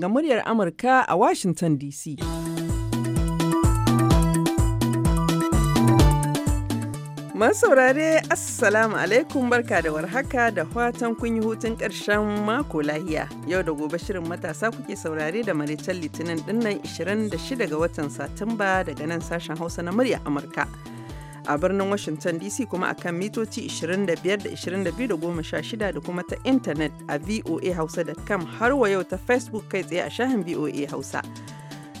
daga muryar Amurka a Washington DC. saurare assalamu alaikum barka da warhaka da fatan kun yi hutun ƙarshen mako lahiya yau da gobe shirin matasa kuke saurare da maraicen litinin dinnan 26 ga watan satumba daga nan sashen hausa na murya amurka. a birnin Washington DC kuma akan mitoci 25 da 22 da 16 da kuma ta intanet a voahausa.com har wa yau ta Facebook kai tsaye a shahin VOA Hausa.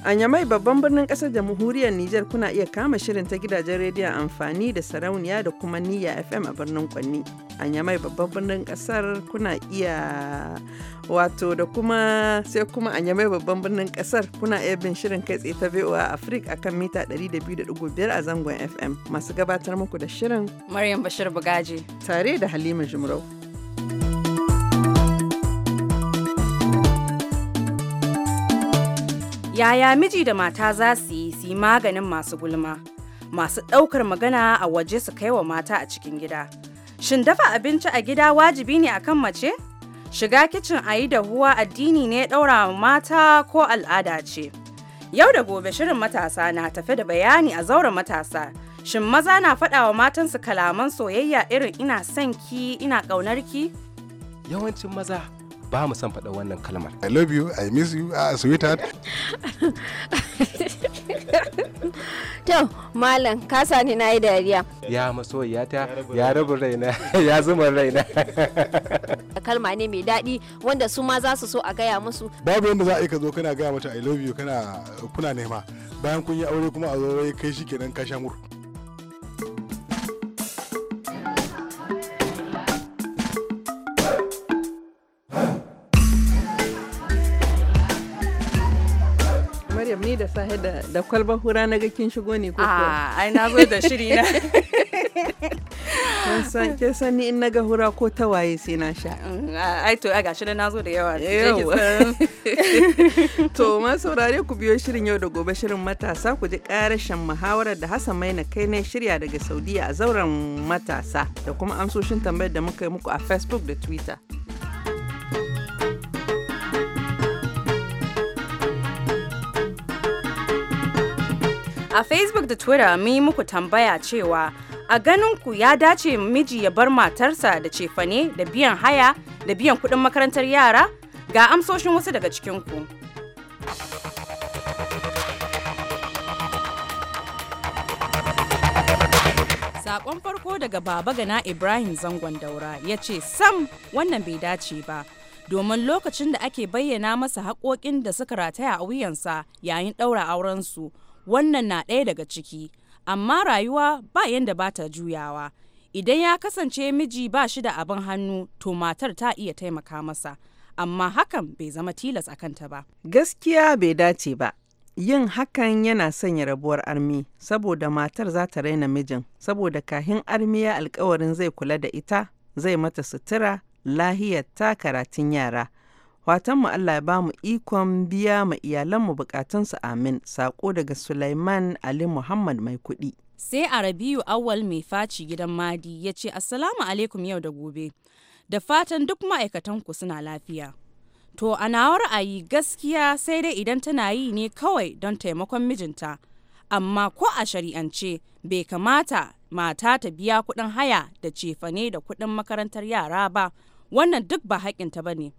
A Nyamai babban birnin kasar jamhuriyar Nijar kuna iya kama shirin ta gidajen rediyon amfani da sarauniya da kuma niyya FM a birnin Kwanni. A Nyamai babban birnin kasar kuna iya wato da kuma sai kuma a Nyamai babban birnin kasar kuna iya bin shirin kai tsaye ta VOA Africa akan mita 200.5 a zangon FM. Masu gabatar muku da shirin Maryam Bashir Bugaji tare da Halima Jumrau. yaya miji da mata za su yi su yi maganin masu gulma masu ɗaukar magana a waje su kai wa mata a cikin gida shin dafa abinci a gida wajibi ne akan mace shiga kicin a yi dahuwa addini ne ɗaura mata ko al'ada ce yau da gobe shirin matasa na tafi da bayani a zauren matasa shin maza na faɗa wa matansu kalaman soyayya irin ina son ki ina ƙaunar ki yawancin maza ba mu son faɗa wannan kalmar i love you i miss you a ah, sweetheart to malam ka sani na yi dariya ya maso ya ta ya rabu raina ya zuma raina kalma ne mai daɗi wanda su ma za su so a gaya musu babu yadda za a yi ka zo kana gaya mata i love you kana kuna nema bayan kun yi aure kuma a zo kai shi kenan ka sha mur sahi da, da kwalbar hura na kin shigo ne ko ah, ai na zo da shiri na. Kin san sani in naga hura ko ta waye sai na sha. Mm, ai to a gashi na zo da yawa. To ma saurare ku biyo shirin yau da gobe shirin matasa ku ji karashin muhawarar da Hassan Maina kai ne shirya daga Saudiya a zauren matasa da kuma amsoshin tambayar da muka yi muku a Facebook da Twitter. A Facebook da Twitter mun yi muku tambaya cewa a ganin ku ya dace miji ya bar matarsa da cefane da biyan haya da biyan kuɗin makarantar yara ga amsoshin wasu daga cikin ku. Sakon farko daga Baba Gana Ibrahim Zangon Daura ya ce, Sam wannan bai dace ba, domin lokacin da ake bayyana masa haƙoƙin da suka rataya a wuyansa yayin ɗaura aurensu, wannan na ɗaya daga ciki amma rayuwa ba yadda ba ta juyawa idan ya kasance miji ba shi da abin hannu to matar ta iya taimaka masa amma hakan bai zama tilas a kanta ba gaskiya bai dace ba yin hakan yana sanya rabuwar armi saboda matar za ta raina mijin saboda kahin armi ya alkawarin zai kula da ita zai mata sutura lahiyar ta karatun yara Fatanmu Allah ya bamu ikon biya ma iyalanmu bukatunsu amin. Sako daga Sulaiman Ali Muhammad mai kuɗi. Sai a Rabiu Awal mai faci gidan Madi ya ce Assalamu alaikum yau da gobe. Da fatan duk ma'aikatan ku suna lafiya. To a nawa ra'ayi gaskiya sai dai idan tana yi ne kawai don taimakon mijinta. Amma ko a shari'ance bai kamata mata ta biya kuɗin haya da cefane da kuɗin makarantar yara ba, wannan duk ba haƙinta ba ne.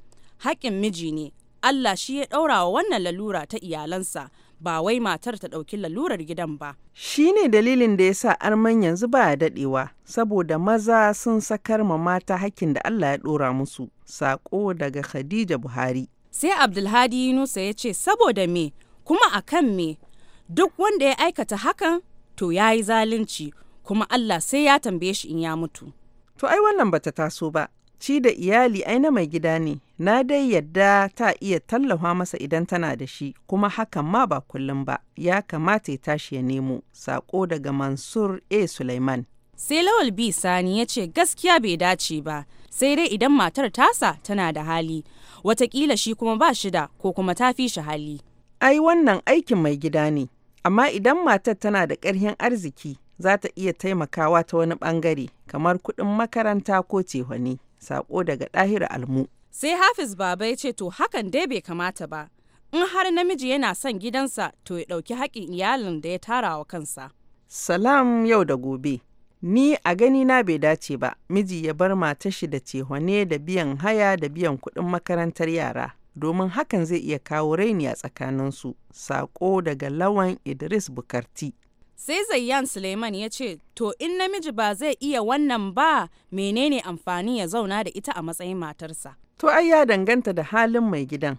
haƙƙin miji ne Allah shi ya ɗaura wa wannan lalura ta iyalansa ba wai matar ta ɗauki lalurar gidan ba. Shi ne dalilin da ya sa arman yanzu ba ya daɗewa, saboda maza sun sakar ma mata hakkin da Allah ya ɗora musu. Saƙo daga Khadija Buhari. Sai Abdulhadi Yunusa ya ce saboda me kuma a kan me duk wanda ya aikata hakan to ya yi zalunci kuma Allah sai ya tambaye shi in ya mutu. To ai wannan bata taso ba, Ci da iyali ai na mai gida ne, na dai yadda ta iya tallafa masa idan tana da shi, kuma hakan ma ba kullum ba, ya kamata ya tashi ya nemo, sako daga Mansur A. Sulaiman. Sai Lawal B. Sani ya ce gaskiya bai dace ba, sai dai idan matar tasa tana da hali, watakila shi kuma ba shi da ko kuma ta fi shi hali. Ai wannan aikin mai gida ne, amma idan matar tana da ƙarhin arziki za ta iya taimakawa ta wani bangare kamar kuɗin makaranta ko cehwani. Sako daga ɗahira almu. Sai Hafiz Baba ya ce to hakan dai bai kamata ba. In har namiji yana son gidansa to ya ɗauki haƙƙin iyalin da ya tara wa kansa. Salam yau da gobe. Ni a gani na bai dace ba, miji ya bar mata shi da cehone da biyan haya da biyan kuɗin makarantar yara. domin hakan zai iya kawo raini a tsakaninsu. Sako daga Lawan Idris Bukarti. Sai Zayyan Suleiman ya ce, To in namiji ba zai iya wannan ba menene amfani ya zauna da ita a matsayin matarsa. To ai ya danganta da halin mai gidan.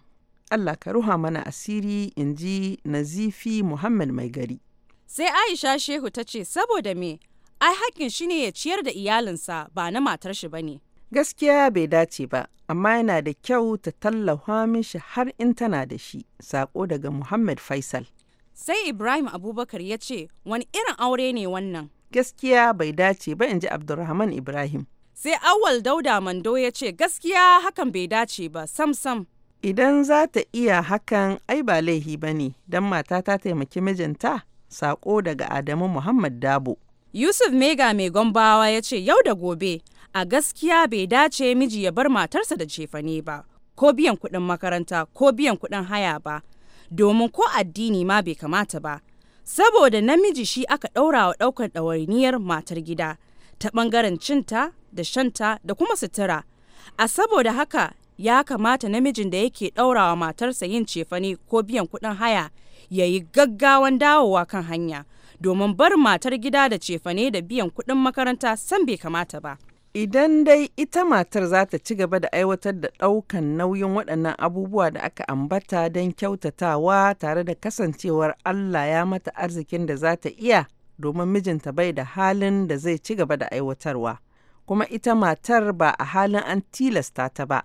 Allah ka ruha mana asiri in ji Nazifi Muhammad mai gari. Sai Aisha Shehu ta ce, Saboda me, ai haƙƙin shi ne ya ciyar da iyalinsa ba na matar shi ba ne. gaskiya bai dace ba amma yana da kyau ta tallafa mishi har in tana da shi sako daga muhammad faisal Sai Ibrahim Abubakar ya ce, wani irin aure ne wannan? Gaskiya bai dace ba in ji Abdulrahman Ibrahim. Sai Awal Dauda Mando ya ce, gaskiya hakan bai dace ba, sam sam. Idan za ta iya hakan ai ba laihi ba ne, don mata ta taimaki mijinta, sako daga Adamu Muhammad Dabo. Yusuf Mega mai gombawa ya ce yau da gobe a gaskiya bai dace miji ya bar matarsa da cefane ba, ko biyan kuɗin makaranta ko biyan kuɗin haya ba, domin ko addini ma bai kamata ba saboda namiji shi aka ɗaura wa ɗaukar ɗawainiyar matar gida ta ɓangaren cinta da shanta da kuma sutura a saboda haka ya kamata namijin da yake ɗaurawa matarsa yin cefane ko biyan kuɗin haya ya yi gaggawan dawowa kan hanya domin bar matar gida da cefane da biyan kuɗin makaranta san bai kamata ba. Idan dai ita matar za ta ci gaba da aiwatar da ɗaukan nauyin waɗannan abubuwa da aka ambata don kyautatawa tare da kasancewar Allah ya mata arzikin da za ta iya domin mijinta bai da halin da zai ci gaba da aiwatarwa. Kuma ita matar ba a halin an tilasta ta ba.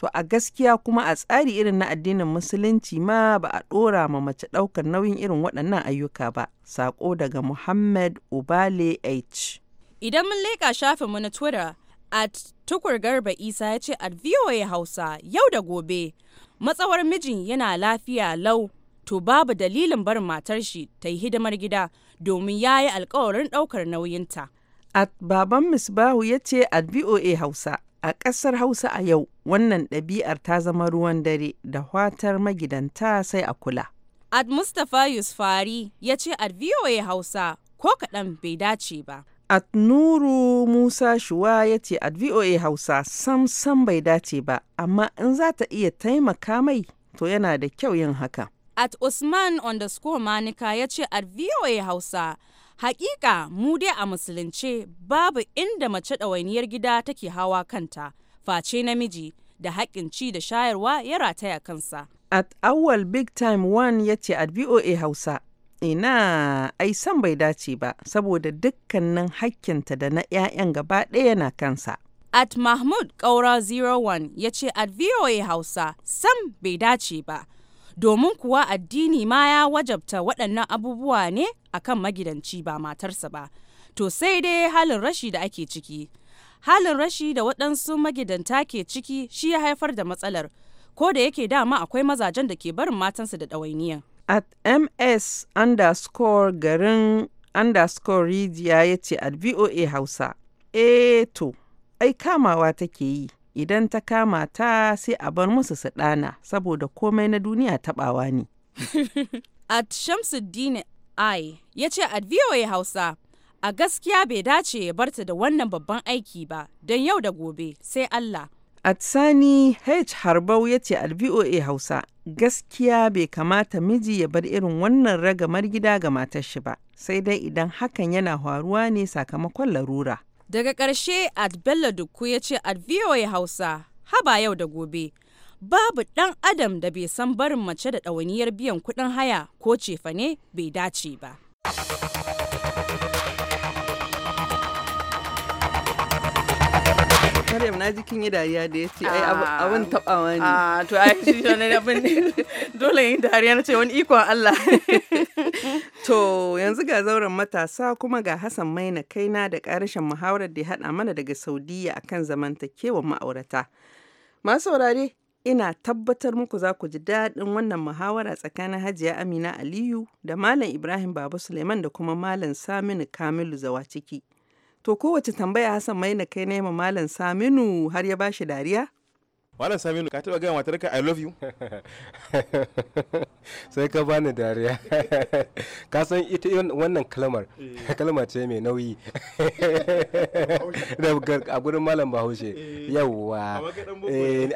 To a gaskiya kuma a tsari irin na addinin Musulunci ma ba a ɗora ma mace ɗaukar nauyin irin waɗannan ayyuka ba. Sako daga Muhammad Ubale H. Idan mun leƙa shafinmu na Twitter, at tukur garba isa ya ce at voa hausa yau da gobe matsawar mijin yana lafiya lau to babu dalilin barin matar shi ta yi hidimar gida domin ya yi alkawarin ɗaukar nauyinta. at baban misbahu ya ce at voa hausa a ƙasar hausa a yau wannan ɗabi'ar ta zama ruwan dare da watar magidanta sai a kula. at mustapha yusfari ya ce at voa hausa ko kaɗan bai dace ba. At Nuru Musa Shuwa ya ce at VOA Hausa sam sam bai dace ba, amma in za ta iya taimaka mai to yana da kyau yin haka. At Usman underscore Manika ya ce at VOA Hausa Hakika mu dai a musulunce babu inda mace ɗawainiyar gida take hawa kanta, face namiji da haƙin ci da shayarwa ya rataya kansa. At awal big time one ya ce at VOA Hausa Ina, ai san bai dace ba, saboda dukkanin hakkinta da na 'ya'yan gaba ɗaya na kansa. At Mahmud Kaura 01 ya ce at VOA Hausa sam bai dace ba, domin kuwa addini ma ya wajabta waɗannan abubuwa ne a kan magidanci ba matarsa ba. To sai dai halin rashi da ake ciki. Halin rashi da waɗansu magidanta ke ciki shi ya haifar da matsalar, ko da yake dama akwai mazajen da ke barin matansa da ɗawainiyan. at ms underscore garin underscore rijiya ya ce at voa hausa e to ai kamawa take yi idan ta kama ta sai a bar musu su ɗana saboda komai na duniya taɓawa ne at shamsuddin ai ya ce at voa hausa a gaskiya bai dace ya barta da wannan babban aiki ba don yau da gobe sai allah at sani H. Harbau ya ce VOA Hausa, gaskiya bai kamata miji ya bar irin wannan ragamar gida ga matar shi ba sai dai idan hakan yana faruwa ne sakamakon larura daga ƙarshe at bello dukku ya ce at voa hausa haba yau da gobe babu dan adam da bai san barin mace da ɗawainiyar biyan kuɗin haya ko cefane bai dace ba Maryam na ji kin yi dariya da ya ce ai ah, abin tabawa ne. Ah to ai shi ne abin dole yin dariya na ce wani ikon Allah. To yanzu ga zauren matasa kuma ga Hassan Maina na da karishin muhawarar da ya haɗa mana daga Saudiya akan zamantakewa ma'aurata. Masu saurare ina tabbatar muku za ku ji daɗin wannan muhawara tsakanin Hajiya Amina Aliyu da Malam Ibrahim Baba Suleiman da kuma Malam Saminu Kamilu Zawaciki. ciki. To kowace tambaya Hassan Maina kai ne ma Malam Saminu har ya bashi dariya? Malam Saminu ka taba gaya matarka I love you? Sai ka bani dariya. Ka san ita wannan kalmar, eh. kalmar ce mai nauyi. A gurin Malam Bahaushe. Eh. Yawwa. Eh.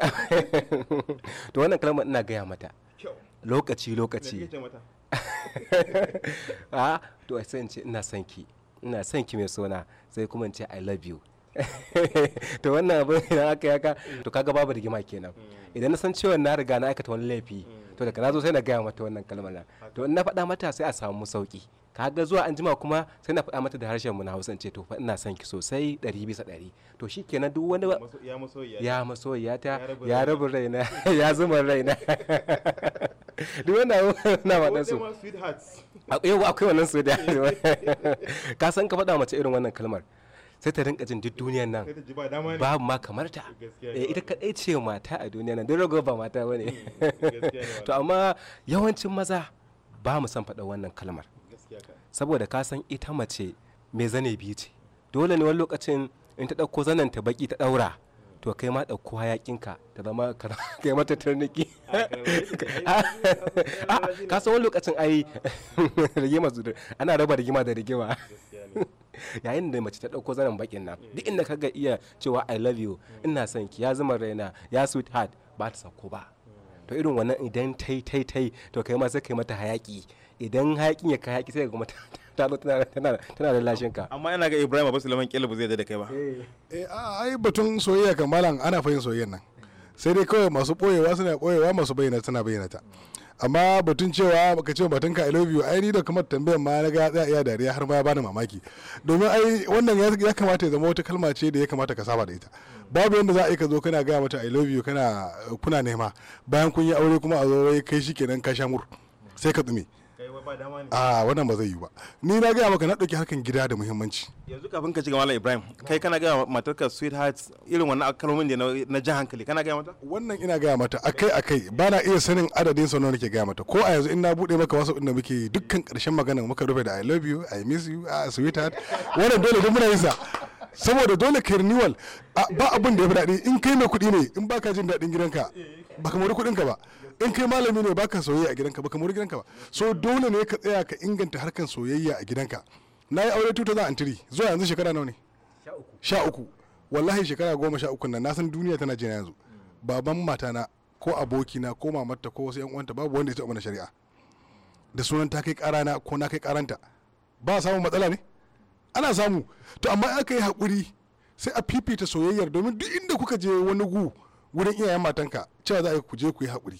To wannan kalmar ina gaya mata. Lokaci lokaci. A ah, to sai in ce ina son ki. ina son ki mai suna sai kuma ce i love you to wannan abu idan aka yaka to kaga babu rigima kenan mm. idan na san cewa na riga na aikata wani laifi mm. to daga na zo sai na gaya mata wannan kalmar to in na faɗa mata sai a samu sauki kaga zuwa an jima kuma sai na faɗa mata da harshen mu na Hausa ce to fa ina son ki sosai 100 bisa ɗari to shikenan duk wani ya masoyiya ya masoyiya ta ya rabu raina ya zuma raina duk wanda na wannan su yau akwai wannan su da ka san ka faɗa mace irin wannan kalmar sai ta rinka jin duk duniyan nan babu ma kamar ta eh, ita kadai ce mata a duniyan nan don rago ba mata bane hmm, to amma yawancin maza ba mu san faɗa wannan kalmar saboda ka san ita mace mai zane biyu ce dole ne wani lokacin in ta ɗauko zanen ta baki ta ɗaura to kai ma ɗauko hayakinka ta zama kai mata tarniki ah, ka san wani lokacin ai rigima ana raba rigima da rigima yayin da mace ta ɗauko zanen bakin nan duk inda ka ga iya cewa i love you ina son ki ya zama raina ya sweetheart ba ta sako ba to irin wannan idan tai tai tai to kai ma sai kai mata hayaki idan haƙin ya kai haƙi sai ga kuma ta zo tana da lashin ka amma ina ga Ibrahim Abu Sulaiman kila ba zai da kai ba eh, eh ai batun soyayya kan malam ana fahimtar soyayyar nan sai dai kawai masu boyewa suna boyewa masu bayyana suna bayyana ta amma batun cewa ka ce batun ka I love you ai ni da kamar tambayar ma na ga za iya dariya har ma ya bani mamaki domin ai wannan ya kamata ya zama wata kalma ce da ya kamata ka saba da ita babu yadda za a yi ka zo kana gaya mata I love you kana kuna nema bayan kun yi aure kuma a zo kai shikenan ka mur sai ka tsume a wannan ba zai yi ba ni na gaya maka na ɗauki harkan gida da muhimmanci yanzu kafin ka ci malam ibrahim kai kana gaya matarka sweetheart irin wannan kalmomin da na jan hankali kana gaya mata wannan ina gaya mata akai akai ba na iya sanin adadin sau nawa nake gaya mata ko a yanzu in na bude maka wasu inda muke dukkan ƙarshen magana muka rufe da i love you i miss you a ah, sweetheart wannan dole duk muna yin sa saboda dole ka renewal ba abin da ya fi daɗi in kai mai kuɗi ne in baka jin daɗin gidanka baka mori kuɗinka ba in kai malami ne baka soyayya a gidanka baka mori gidanka ba so dole ne ka tsaya ka inganta harkan soyayya a gidanka na yi aure tuta tiri zuwa yanzu shekara nawa ne sha uku wallahi shekara goma sha uku nan na san duniya tana jina yanzu baban matana ko abokina ko mamarta ko wasu yan uwanta babu wanda ya taɓa mana shari'a da sunan ta kai karana ko na kai karanta ba samu matsala ne ana samu to amma in aka yi haƙuri sai a fifita soyayyar domin duk inda kuka je wani gu wurin iyayen matanka cewa za a yi ku je ku yi haƙuri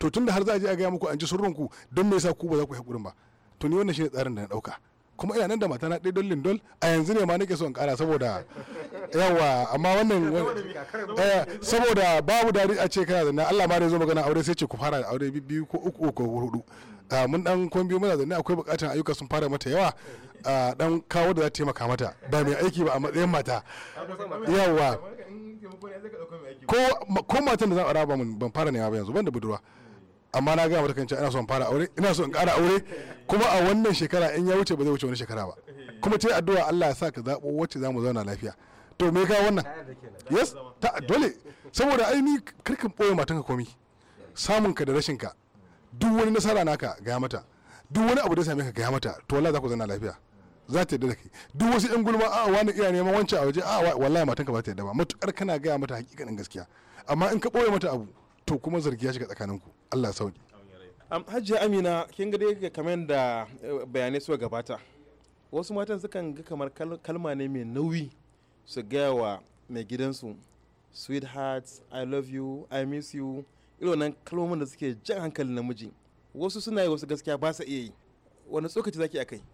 to tun da har za a je a gaya muku an ji sirrinku don me yasa ku ba za ku haƙurin ba to ni wannan shine tsarin da na ɗauka kuma ina nan da matana ɗaya don lindol a yanzu ne ma nake so in ƙara saboda yawa amma wannan eh, saboda babu dari a ce kana zanna Allah ma da zo magana aure sai ce ku fara aure biyu ko uku ko hudu ah, mun dan kwan biyu muna zanne akwai buƙatar ayyuka sun fara mata yawa dan ah, kawo da za ta taimaka mata ba mai aiki ba a matsayin mata yawa ko matan da za raba mun ban fara ne ba yanzu ban da budurwa amma na gaya mata kan ina son fara aure ina son ƙara aure kuma a wannan shekara in ya wuce ba zai wuce wani shekara ba kuma ce addu'a Allah ya sa ka zaɓo wacce za mu zauna lafiya to me ga wannan yes ta dole saboda ai ni karkin ɓoye matanka komi samun ka da rashin ka duk wani nasara naka gaya mata duk wani abu da same ka gaya mata to wallahi za ku zauna lafiya za ta yadda da kai duk wasu yan gulma a wani iya neman wancan a waje a wallahi matanka ba ta yadda ba matukar kana gaya mata hakikanin gaskiya amma in ka ɓoye mata abu to kuma zargi ya shiga tsakaninku Allah sauki um, hajiya amina kin ga dai kamar da eh, bayanai suka gabata wasu matan sukan ga kamar kalma ne mai nauyi su gaya wa mai gidansu sweetheart i love you i miss you irin nan kalmomin da suke jan hankalin namiji wasu suna yi wasu gaskiya ba sa iya yi wani tsokaci zaki a kai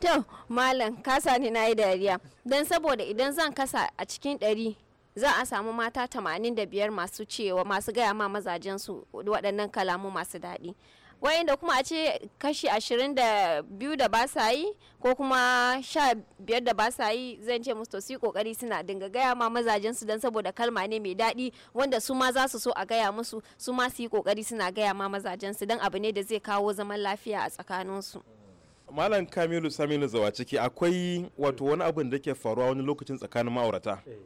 to malam kasa ne na yi dariya don saboda idan zan kasa a cikin dari. za a samu mata 85 masu cewa masu gaya ma mazajen waɗannan kalamu masu daɗi wayanda kuma a ce kashi 22 da ba sa yi ko kuma 15 da ba sa yi zan ce musu to su kokari suna dinga gaya ma mazajen su dan saboda kalma ne mai daɗi wanda su ma za su so a gaya musu su ma su yi kokari suna gaya ma mazajen su abu ne da zai kawo zaman lafiya a tsakaninsu. su malam kamilu saminu zawa ciki akwai wato wani abin da ke faruwa wani lokacin tsakanin ma'aurata eh.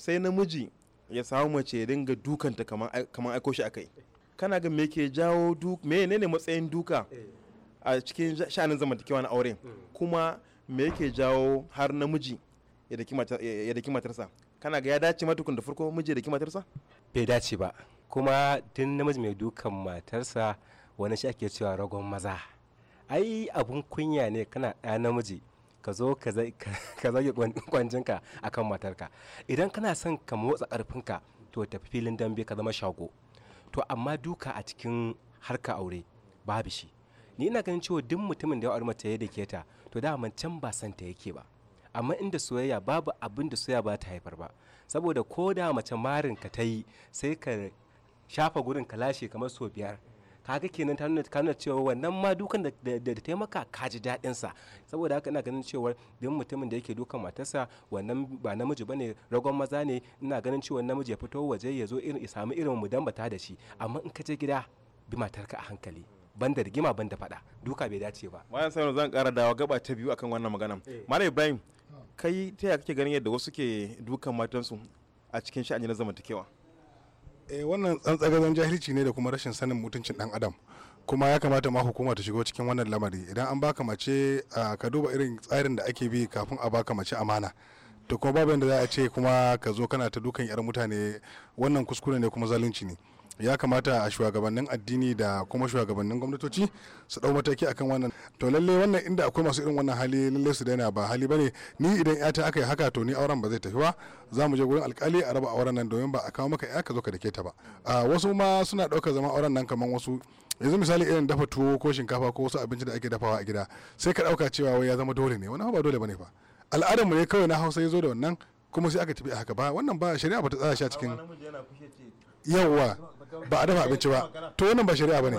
sai namiji ya samu mace ya dinga dukanta kamar aiko shi akai kana ga me ke jawo duk me ne matsayin duka eh. a cikin sha'anin zamantakewa na auren hmm. kuma me yake jawo har namiji ya daki matarsa kana ga ya dace matukun da farko miji da matarsa bai dace ba kuma tun namiji mai dukan matarsa wani shi ake cewa ragon maza ai abun kunya ne kana ɗa namiji ka zo ka zage kwanjinka akan matarka idan kana son ka motsa ƙarfinka to tafi filin dambe ka zama shago to amma duka a cikin harka aure babu shi ni ina ganin cewa duk mutumin da ya aure mace da keta ta to da can ba santa yake ba amma inda soyayya babu abin da soyayya ba ta haifar ba saboda ko da mace marin ka ta yi sai ka shafa gurin ka lashe kamar so biyar kaga kenan ta nuna kana cewa wannan ma dukan da ta taimaka ka ji daɗinsa sa saboda haka ina ganin cewa duk mutumin da yake dukan matarsa wannan ba namiji bane ragon maza ne ina ganin cewa namiji ya fito waje ya zo irin ya samu irin mu dambata da shi amma in ka je gida bi matarka a hankali ban da rigima ban da duka bai dace ba bayan sanar zan kara dawa gaba ta biyu akan wannan magana eh. malam ibrahim ah. kai ta yaya kake ganin yadda wasu ke dukan matansu a cikin sha'ani na zamantakewa Eh, wannan tsantsagazan jahilci ne da kuma rashin sanin mutuncin dan adam kuma ya kamata ma hukuma ta shigo cikin wannan lamari idan an baka mace ka duba irin tsarin da ake bi kafin a baka mace amana to kuma babu yadda za a ce kuma ka zo kana ta dukan yar mutane wannan kuskure ne kuma zalunci ne ya kamata a shugabannin addini da kuma shugabannin gwamnatoci su dau mataki akan wannan to lalle wannan inda akwai masu irin wannan hali lalle su daina ba hali bane ni idan yata aka yi haka to ni auren ba zai tafi ba za mu je gurin alkali a raba auren nan domin ba a kawo maka ya ka zo ka dake ta ba wasu ma suna ɗaukar zama auren nan kamar wasu yanzu misali irin dafa tuwo ko shinkafa ko wasu abinci da ake dafawa a gida sai ka ɗauka cewa wai ya zama dole ne wani ba dole bane fa mu ne kawai na hausa ya zo da wannan kuma sai aka tafi a haka ba wannan ba shari'a ba ta tsara shi a cikin yawwa ba a dafa abinci ba to wannan ba shari'a bane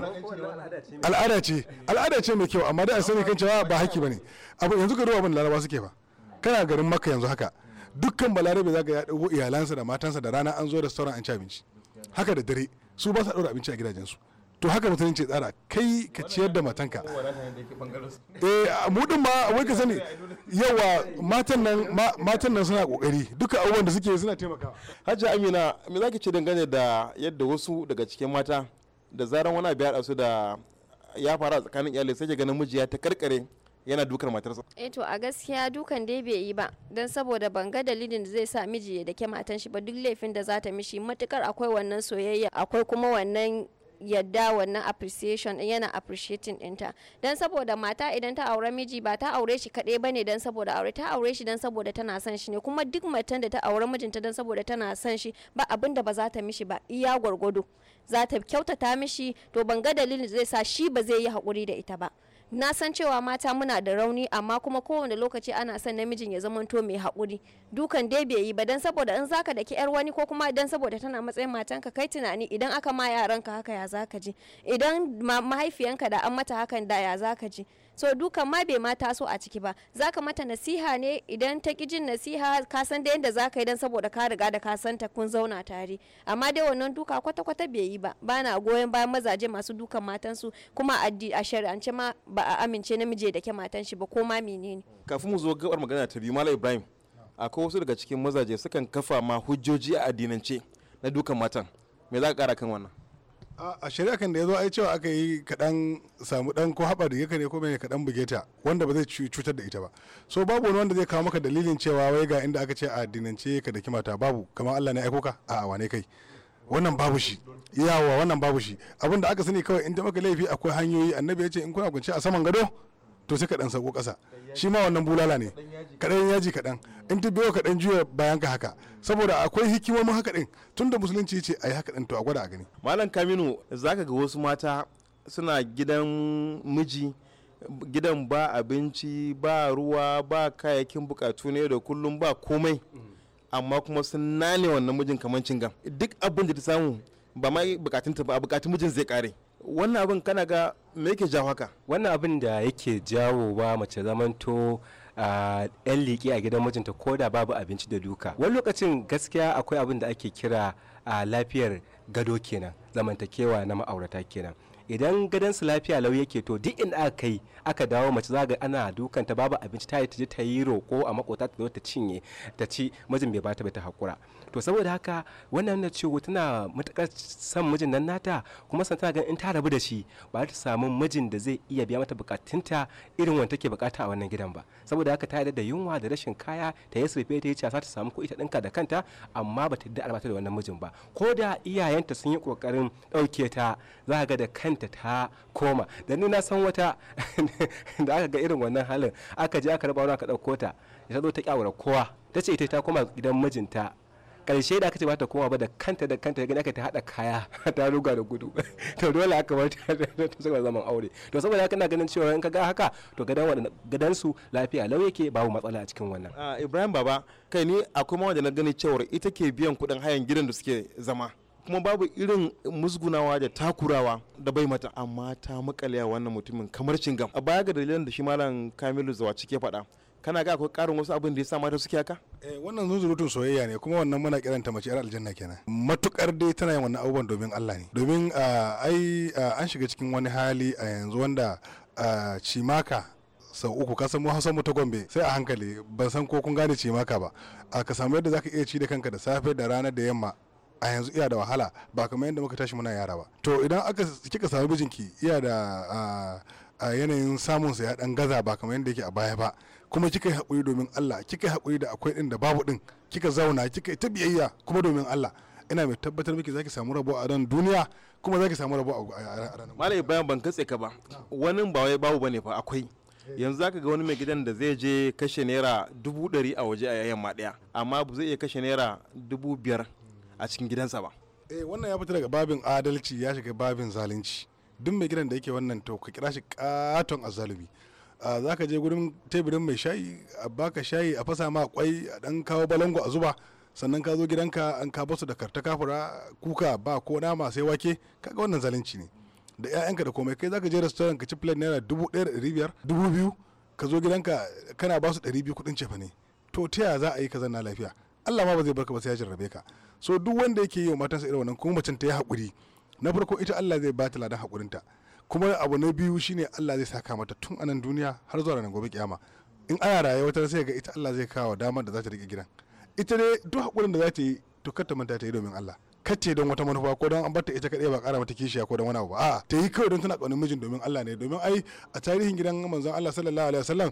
al'ada ce al'ada ce mai kyau amma da a sani kan cewa ba haki bane abu yanzu ka duba abin laraba suke ba kana garin makka yanzu haka dukkan balarabe zaka ya dago iyalansa da matansa da rana an zo da sauran an ci abinci haka da dare su ba sa daura abinci a gidajensu to haka ce tsara kai ka ciyar da matanka eh mu din ma wai ka sani yawa matan nan matan nan suna kokari duka abubuwan da suke suna taimakawa hajji amina me zaki ce dangane da yadda wasu daga cikin mata da zaran wani abu ya su da ya faru a tsakanin iyali sai ga namiji ya ta karkare yana dukar matarsa. Eh to a gaskiya dukan dai bai yi ba don saboda ban ga dalilin da zai sa miji ya dake matan shi ba duk laifin da za ta mishi matukar akwai wannan soyayya akwai kuma wannan yadda wannan appreciation yana appreciating ɗinta don saboda mata idan ta aure miji ba ta aure shi kaɗai ba ne don saboda aure ta aure shi don saboda tana son shi ne kuma duk matan da ta aure mijinta don saboda tana son shi ba abin da ba za ta mishi ba iya gwargwado za ta kyautata mishi to ban ga dalilin zai sa shi ba zai yi hakuri da ita ba na san cewa mata muna da rauni amma kuma kowane lokaci ana son namijin ya zamanto mai haƙuri dukan dai bai yi ba dan saboda in zaka daki yar wani ko kuma dan saboda tana matsayin matan ka kai tunani idan aka ma yaranka haka ya zaka ji idan mahaifiyanka da an mata hakan da ya zaka ji so dukan ma bai ma taso a ciki ba za ka mata nasiha ne idan ta ki jin nasiha ka san da yadda zaka yi don saboda ka riga da ka ta kun zauna tare amma dai wannan duka kwata kwata bai yi ba bana goyon bayan mazaje masu dukan matansu kuma a shari'ance ma ba a amince namiji da ke matan shi ba ko ma menene kafin mu zo gabar magana ta biyu malam ibrahim akwai wasu daga cikin mazaje sukan kafa ma hujjoji a addinance na dukan matan me za ka kara kan wannan a shari'a kan da ya zo ai cewa aka yi kaɗan samu ɗan ko haɓar da yaka ne ko mai kaɗan buge ta wanda ba zai cutar da ita ba so babu wani wanda zai kawo maka dalilin cewa wai ga inda aka ce a dinance ka da kimata babu kamar Allah ne aiko ka a wane kai wannan babu shi yawa wannan babu shi abin da aka sani kawai in ta maka laifi akwai hanyoyi annabi ya ce in kuna kunce a saman gado to sai ka ɗan sauko ƙasa shi ma wannan bulala ne kaɗan yaji kaɗan in ta biyo kaɗan juya bayan ka haka saboda akwai hikimomin haka din tunda musulunci ce a yi haka din to a gwada a gani malam kaminu zaka ga wasu mata suna gidan miji gidan ba abinci ba ruwa ba kayayyakin bukatu ne da kullum ba komai amma kuma sun nane wannan mijin kamar cinga duk abin da ta samu ba ma bukatunta ba bukatun mijin zai kare wannan abin kana ga me yake jawo haka wannan abin da yake jawo ba mace zamanto yan liƙi a gidan mijinta ko da babu abinci da duka wani lokacin gaskiya akwai abin da ake kira a lafiyar gado kenan zamantakewa na ma'aurata kenan idan gadon su lafiya lau yake to duk in aka kai aka dawo mace za ga ana dukanta babu abinci ta yi ta je ta yi roko a makota ta zo ta cinye ta ci mijin bai bata bai ta haƙura. to saboda haka wannan na ciwo tana matakar son mijin nan nata kuma san tana ganin in ta rabu da shi ba ta samu mijin da zai iya biya mata bukatunta irin wanda take bukata a wannan gidan ba saboda haka ta yarda da yunwa da rashin kaya ta yi surfe ta yi casa ta samu kuɗi ta ɗinka da kanta amma ba ta yarda albata da wannan mijin ba ko da iyayenta sun yi kokarin ɗauke ta za ga da kanta ta koma da ni na san wata da aka ga irin wannan halin aka je aka raba wani aka ɗauko ta ita zo ta kyawar kowa ta ce ita ta koma gidan mijinta karshe da aka ce ba ta ba da kanta da kanta gani aka ta hada kaya ta ruga da gudu to dole aka bar ta saka zaman aure to saboda haka ina ganin cewa in ka ga haka to gadan gadan su lafiya lau yake babu matsala a cikin wannan ah, Ibrahim baba kai ni akwai ma wanda na gani cewa ita ke biyan kuɗin hayan gidan da suke zama kuma babu irin musgunawa da takurawa da bai mata amma ta makale wannan mutumin kamar cingam a baya ga dalilan da shi malam Kamilu Zawa cike faɗa kana ga akwai karin wasu abin da ya sa mata suke haka eh wannan zunzurutun soyayya ne kuma wannan muna kiranta mace yar aljanna kenan matukar dai tana yin wannan abubuwan domin Allah ne domin ai an shiga cikin wani hali a yanzu wanda cimaka sau uku ka samu mu mu ta gombe sai a hankali ban san ko kun gane cimaka ba ka samu yadda zaka iya ci da kanka da safe da rana da yamma a yanzu iya da wahala ba kamar yadda muka tashi muna yara ba to idan aka kika samu bijinki iya da a yanayin samunsa ya dan gaza ba kamar yadda yake a baya ba kuma kika yi haƙuri domin Allah kika yi haƙuri da akwai ɗin da babu ɗin kika zauna kika yi ta biyayya kuma domin Allah ina mai tabbatar miki zaki samu rabo a ran duniya kuma zaki samu rabo a ran. malai bayan ban katse ka ba wani ba wai babu bane fa akwai yanzu zaka ga wani mai gidan da zai je kashe naira dubu ɗari a waje a ma ɗaya amma ba zai iya kashe naira dubu biyar a cikin gidansa ba eh wannan ya fita daga babin adalci ya shiga babin zalunci duk mai gidan da yake wannan to ka kira shi katon azzalumi za ka je gurin teburin mai shayi a baka shayi a fasa ma kwai a dan kawo balango a zuba sannan ka zo gidanka an ka basu da karta kafura kuka ba ko nama sai wake kaga wannan zalunci ne da 'ya'yanka da komai kai zaka je restaurant ka ci plate naira dubu ɗaya da ɗari biyar dubu biyu ka zo gidanka kana basu ɗari biyu kuɗin cefa ne to ta yaya za a yi ka zanna lafiya Allah ma ba zai barka ba sai ya jarrabe ka so duk wanda yake yi wa matansa irin wannan kuma macen ta yi haƙuri na farko ita Allah zai ba ta ladan haƙurinta kuma abu na biyu shine Allah zai saka mata tun anan duniya har zuwa ranar gobe kiyama in ana raye wata sai ga ita Allah zai kawo damar da za ta rike gidan ita ne duk hakurin da za ta yi to kar ta manta ta yi domin Allah kar yi don wata manufa ko don an ta ita kadai ba kara mata kishiya ko don wani abu a'a ta yi kawai don tana kaunin mijin domin Allah ne domin ai a tarihin gidan manzon Allah sallallahu alaihi wasallam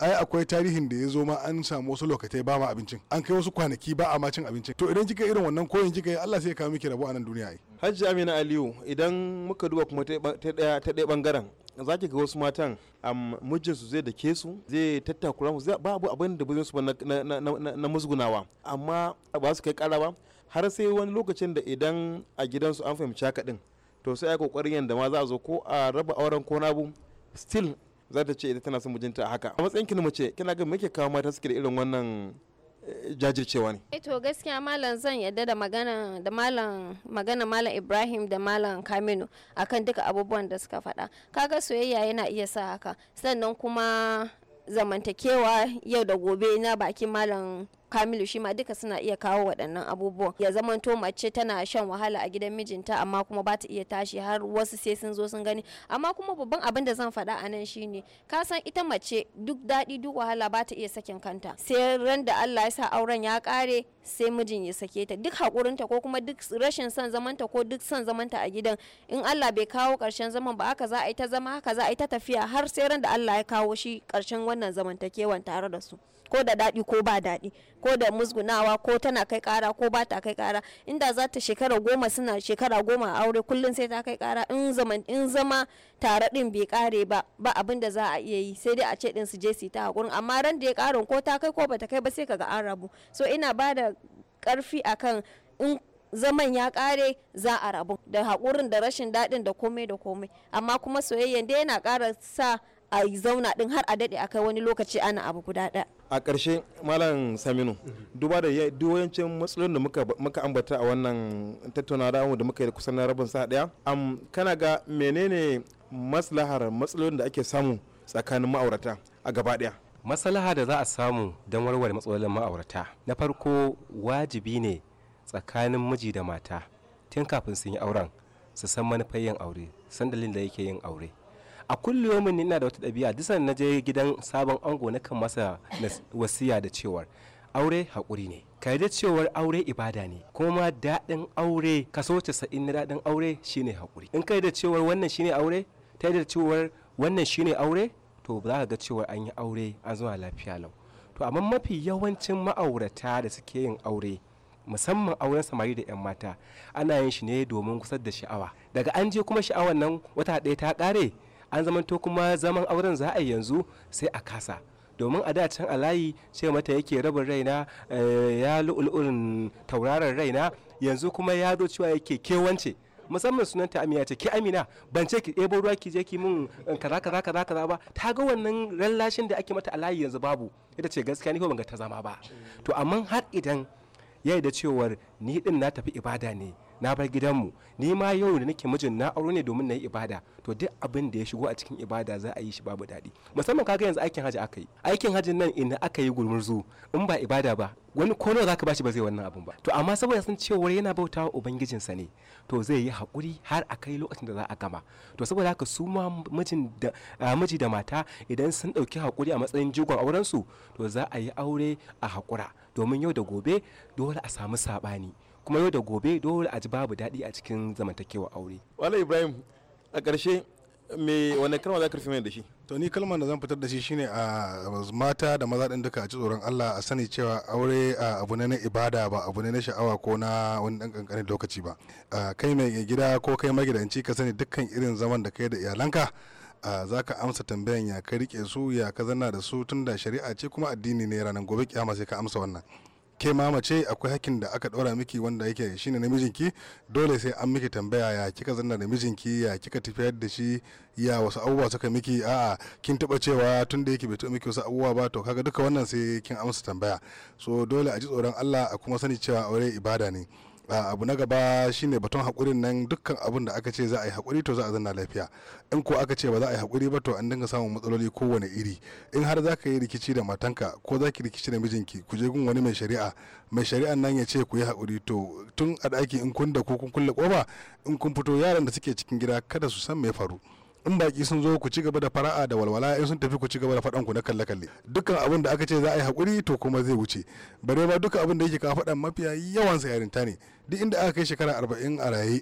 ai akwai tarihin da ya zo ma an samu wasu lokacin ba ma abincin an kai wasu kwanaki ba a ma cin abincin to idan kika irin wannan koyin kika yi Allah sai ya kawo miki rabo a nan duniya ai Hajji Amina Aliyu idan muka duba kuma ta daya ta daya bangaren za ki ga wasu matan mijinsu zai dake su zai tattakura musu babu abin da bazin su ba na musgunawa amma ba su kai kara ba har sai wani lokacin da idan a gidansu an fahimci haka din to sai ai kokarin yanda ma za a zo ko a raba auren ko na bu still za ta ce idan tana son mijinta a haka a matsayin ki mace kina ga muke kawo mata suke da irin wannan eh, jajircewa ne. Eh to gaskiya malam zan yadda da magana da malam magana malam Ibrahim da malam Kaminu akan duka abubuwan da suka faɗa. Kaga soyayya yana iya sa haka. Sannan kuma zamantakewa yau da gobe na bakin malam kamilu shi ma duka suna iya kawo waɗannan abubuwan ya zamanto mace tana shan wahala a gidan mijinta amma kuma ba ta iya tashi har wasu sai sun zo sun gani amma kuma babban abin da zan faɗa a nan shine ka san ita mace duk daɗi duk wahala ba ta iya sakin kanta sai ran da Allah ya sa auren ya kare sai mijin ya sake ta duk hakurinta ko kuma duk rashin son zamanta ko duk son zamanta a gidan in Allah bai kawo ƙarshen zaman ba haka za a yi ta zama haka za a yi ta tafiya har sai ran da Allah ya kawo shi ƙarshen wannan zamantakewan tare da su ko da daɗi ko ba daɗi ko da musgunawa ko tana kai ƙara ko ba ta kai ƙara inda za ta shekara goma suna shekara goma a aure kullum sai ta kai ƙara in zama in zama tare din bai ƙare ba ba abin da za a iya yi sai dai a ce ɗin su je su ta hakurin amma ran da ya ƙarin ko ta kai ko ba ta kai ba sai kaga an rabu so ina ba da ƙarfi akan in zaman ya kare za a rabu da haƙurin da rashin daɗin da komai da komai amma kuma soyayyen da yana ƙara sa a zauna ɗin har a daɗe a kai wani lokaci ana abu guda ɗaya a ƙarshe malam saminu duba da yawancin matsalolin da muka ambata a wannan tattaunawa da muka yi kusan rabin sa daya am kana ga menene maslahar matsalolin da ake samu tsakanin ma'aurata a gaba daya maslaha da za a samu don warware matsalolin ma'aurata na farko wajibi ne tsakanin miji da mata tun kafin sun yi auren su san manufar yin aure sandalin da yake yin aure a kullum ni ina da wata ɗabi'a sanda na je gidan sabon ango na kan masa wasiya da cewar aure haƙuri ne ka yi cewar aure ibada ne kuma daɗin aure kaso casa'in na daɗin aure shine haƙuri in ka yi cewar wannan shine aure ta yi cewar wannan shine aure to za ka ga cewar an yi aure an zuwa lafiya lau to amma mafi yawancin ma'aurata da suke yin aure musamman auren samari da 'yan mata ana yin shi ne domin kusa da sha'awa daga an je kuma sha'awar nan wata ɗaya ta ƙare an zamanto kuma zaman auren za a yi yanzu sai a kasa domin a da can a layi ce mata yake rabin raina eh, ya lu'ul'urin tauraron raina yanzu kuma ya zo cewa yake kewance musamman ta amina ce ke amina ban ce ki ɗebo ruwa ki je ki min eh, kaza kaza kaza kaza ba ta ga wannan rallashin da ake mata a layi yanzu babu ita ce gaskiya ni ban ga ta zama ba to amma har idan ya da cewar ni din na tafi ibada ne na bar gidanmu ni ma yau da nake mijin na aure ne domin na yi ibada to duk abin da ya shigo a cikin ibada za a yi shi babu daɗi musamman kaga yanzu aikin hajji aka yi aikin hajji nan ina aka yi gurmurzu in ba ibada ba wani ko nawa zaka bashi ba zai wannan abun ba to amma saboda sun cewa yana bauta wa ubangijinsa ne to zai yi hakuri har a kai lokacin da za a gama to saboda haka su ma mijin da miji da mata idan sun dauki hakuri a matsayin jigon auren su to za a yi aure a hakura domin yau da gobe dole a samu sabani kuma yau da gobe dole a ji babu daɗi a cikin zamantakewa aure wala ibrahim a ƙarshe me wani kalma za ka rufe mai da shi to ni kalmar da zan fitar da shi shine a mata da maza din duka a ci tsoron Allah a sani cewa aure abu ne na ibada ba abu ne na sha'awa ko na wani ɗan ƙanƙanin lokaci ba kai mai gida ko kai magidanci ka sani dukkan irin zaman da kai da iyalanka za ka amsa tambayan ya ka rike su ya ka zanna da su tun shari'a ce kuma addini ne ranar gobe kiyama sai ka amsa wannan ke mamace akwai hakkin da aka ɗora miki wanda yake shine namijinki dole sai an miki tambaya ya kika zanna namijinki ya kika tafiyar da shi ya wasu abubuwa suka miki a'a kin taba cewa tun da yake bai taɓa miki wasu abubuwa ba to kaga duka wannan sai kin amsa tambaya so dole a ji tsoron Allah a kuma sani cewa aure ibada ne abu na gaba shine baton hakurin nan dukkan abin da aka ce za a yi hakuri to za a zanna lafiya in ko aka ce ba za a yi hakuri ba to an dinga samun matsaloli kowane iri in har za ka yi rikici da matanka ko za ki rikici da mijinki ku je gun wani mai shari'a mai shari'a nan ya ce ku yi hakuri to tun a daki in kun da ko kun kulle koba in kun fito yaran da suke cikin gida kada su san me faru in baki sun zo ku ci gaba da fara'a da walwala in sun tafi ku ci gaba da faɗan ku na kalle kalle dukkan abin da aka ce za a yi hakuri to kuma zai wuce bare ma dukkan abin da yake ka faɗan mafiya yawan sayarinta ne duk inda aka kai shekara arba'in a raye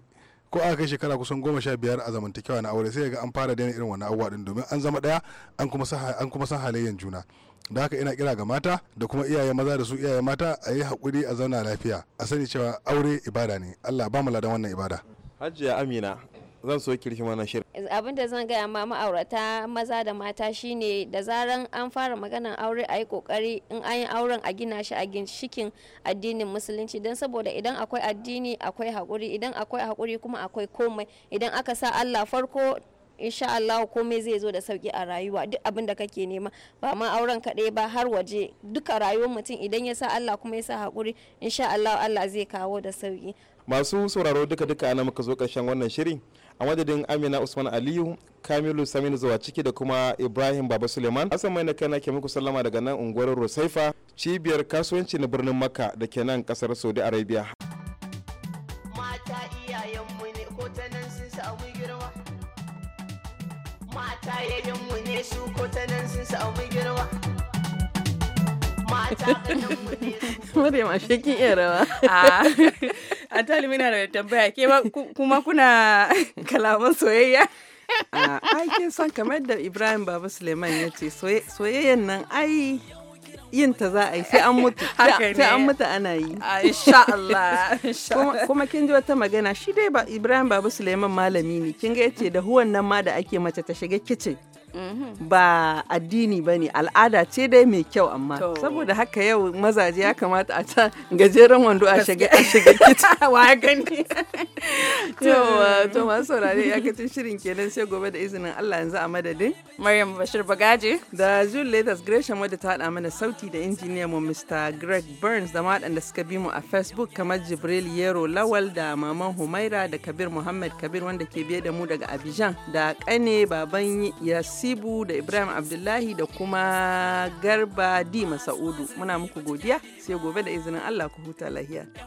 ko aka kai shekara kusan goma sha biyar a zamantakewa na aure sai ga an fara daina irin wannan abubuwa din domin an zama daya an kuma an kuma san halayyan juna da haka ina kira ga mata da kuma iyaye maza da su iyaye mata a yi hakuri a zauna lafiya a sani cewa aure ibada ne Allah ba mu ladan wannan ibada Hajiya Amina zan so kirki mana shirin abin da zan gaya ma ma'aurata maza da mata shine da zaran an fara maganan aure a yi kokari in an yi auren a gina shi a ginshikin addinin musulunci don saboda idan akwai addini akwai haƙuri idan akwai haƙuri kuma akwai komai idan aka sa allah farko insha Allah komai zai zo da sauki a rayuwa duk abin da kake nema ba ma auren kaɗai ba har waje duka rayuwar mutum idan ya sa Allah kuma ya sa haƙuri insha Allah Allah zai kawo da sauki masu sauraro duka duka ana muka zo ƙarshen wannan shirin a madadin amina usman aliyu kamilu saminu zuwa ciki da kuma ibrahim baba suleiman hassan mai na kana ke muku sallama daga nan unguwar rusaifa cibiyar kasuwanci na birnin makka da ke nan kasar saudi arabia mata iyayenmu ne ko su ko ta nan sun samu Maryam ashe kin iya rawa. A tali muna da tambaya ke kuma kuna kalaman soyayya. Ai kin san kamar da Ibrahim Baba Suleiman ya ce soyayyan nan ai yin ta za a yi sai an mutu sai an mutu ana yi insha Allah kuma kin ji wata magana shi dai Ibrahim Baba Suleiman malami ne kin ga yace da huwan nan ma da ake mace ta shiga kicin Mhm. ba addini ba ne al'ada ce dai mai kyau amma saboda haka yau mazaje ya kamata a ta gajeren wando a shiga a shiga kita wa gani to masu saurare shirin kenan sai gobe da izinin Allah yanzu a madadin Maryam Bashir Bagaje da Jules Leathers Gresham wadda ta haɗa mana sauti da injiniyan mu Mr. Greg Burns da da suka bi mu a Facebook kamar Jibril Yero Lawal da Maman Humaira da Kabir Muhammad Kabir wanda ke biye da mu daga Abidjan da Kane Baban Yasi Nasibu da Ibrahim Abdullahi da kuma Garba di Masaudu. Muna muku godiya sai gobe da izinin Allah ku huta lahiya.